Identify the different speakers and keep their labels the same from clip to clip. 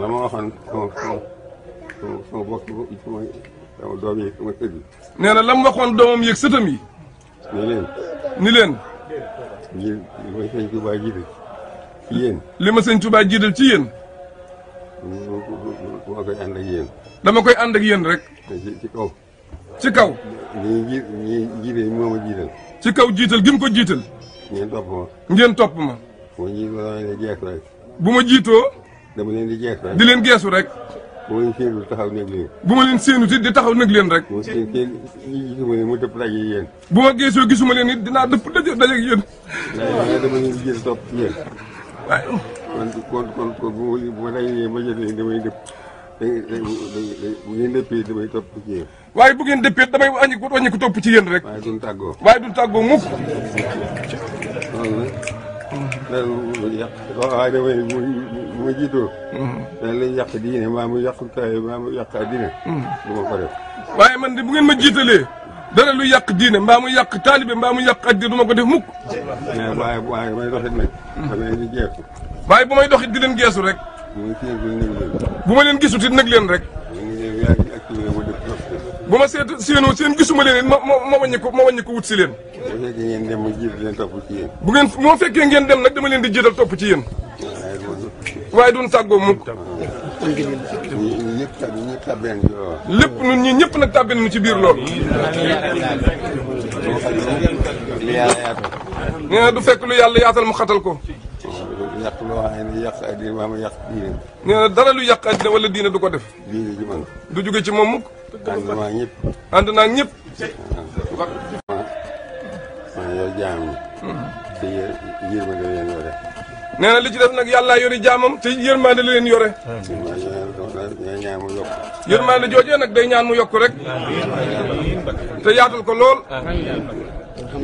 Speaker 1: la ma waxoon nee na lam waxoon doomam yeeg sëtam yi. ni leen. ni leen. li ma sëñ Touba jiital ci yéen. li ma sëñ Touba jiital ci yéen. dama koy ànd ak yéen. dama koy ànd ak yéen rek. ci kaw. ci kaw. ñi ji ñi jiite moo ma jiital. ci kaw jiital gi mu ko jiital. ngeen topp ma. ngeen topp ma. bu ma jiitoo. dama leen di geesu rek. di leen geesu rek. bu ma leen séenu taxaw ma leen séenu it di taxaw nag leen rek. bu ma seen seen mu dëpp daje yéen. bu ma geesoo gisuma leen it dinaa dëpp daje daje ak yéen.
Speaker 2: waaye dama leen di jël topp ci yéen. waaye. kon kon kon kon bu ma bu ma dajee ma jël leen damay dëpp bu ngeen dëppee damay topp ci yéen. waaye bu
Speaker 1: ngeen dëppee damay ko topp ci yéen rek. waaye duñ tàggoo. waaye duñ tàggoo
Speaker 2: waaye damay mu mu jiitoo. dañ lay yàq diine maa mu yàq taay maa mu yàq diine. du ma ko waaye man de
Speaker 1: bu ngeen ma jiitalee dara lu yàq diine mbaa mu yàq taalibe mbaa mu yàq addi du ma ko def mukk.
Speaker 2: waaye waaye may doxit nag. damay di geesu.
Speaker 1: waaye bu may doxit di leen geesu rek. bu ma leen gisut it nag leen rek. bu ma seet seenoo seen gisuma leen it ma ma ma wàññi ko ma wàññi ko wut si leen.
Speaker 2: bu fekkee ngeen dem ma jiital leen topp ci
Speaker 1: yéen. bu ngeen moo fekkee ngeen dem nag dama leen di jiital topp ci yéen. waaye duñ tàggoo mukk. lépp ñun ñii ñëpp nag tàbbi mu ci biir lool. nee du fekk lu yàlla yaatal mu xatal ko. yàq loo xam yàq addina waa ma yàq diine. dara lu yàq addina wala diina du ko def. diine du jóge ci moom mukk. ànd naa ñëpp. ànd naa ñëpp. yor jaam ñi. te yéen
Speaker 2: yërmande la leen yore.
Speaker 1: nee na li ci def nag yàllaa yori jaamam te yërmande la leen yore. day ñaan mu yokk rek. te yaatal ko lool.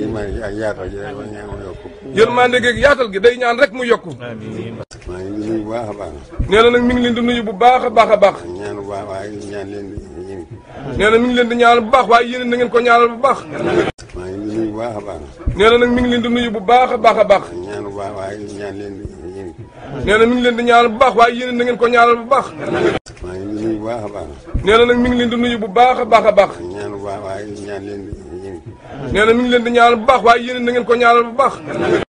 Speaker 2: yërmande gi ak yaatal gi day ñaan yokk.
Speaker 1: yërmande gi ak yaatal gi day ñaan rek mu yokk. maa
Speaker 2: ngi di nuyu bu baax a baax.
Speaker 1: nee na nag ngi leen di nuyu bu baax a baax a baax.
Speaker 2: ñaan bu baax waaye ñaan leen di.
Speaker 1: nee na mi leen di ñaanal bu baax waaye yéen na ko ñaanal bu baax. bu baax a baax nag. nee na nag mi ngi leen di nuyu bu baax a baax a
Speaker 2: baax. ñaan bu baax waaye ñaan leen yéen. nee
Speaker 1: na mi ngi leen di ñaanal bu baax waaye yéen da ngeen ko ñaanal bu baax.
Speaker 2: maa ngi nuyu bu baax a
Speaker 1: baax nag. nee na nag mi ngi leen di nuyu bu baax a baax a baax.
Speaker 2: ñaan bu baax waaye ñaan leen yéen.
Speaker 1: nee na mi ngi leen di ñaanal bu baax waaye yéen da ngeen ko ñaanal bu baax.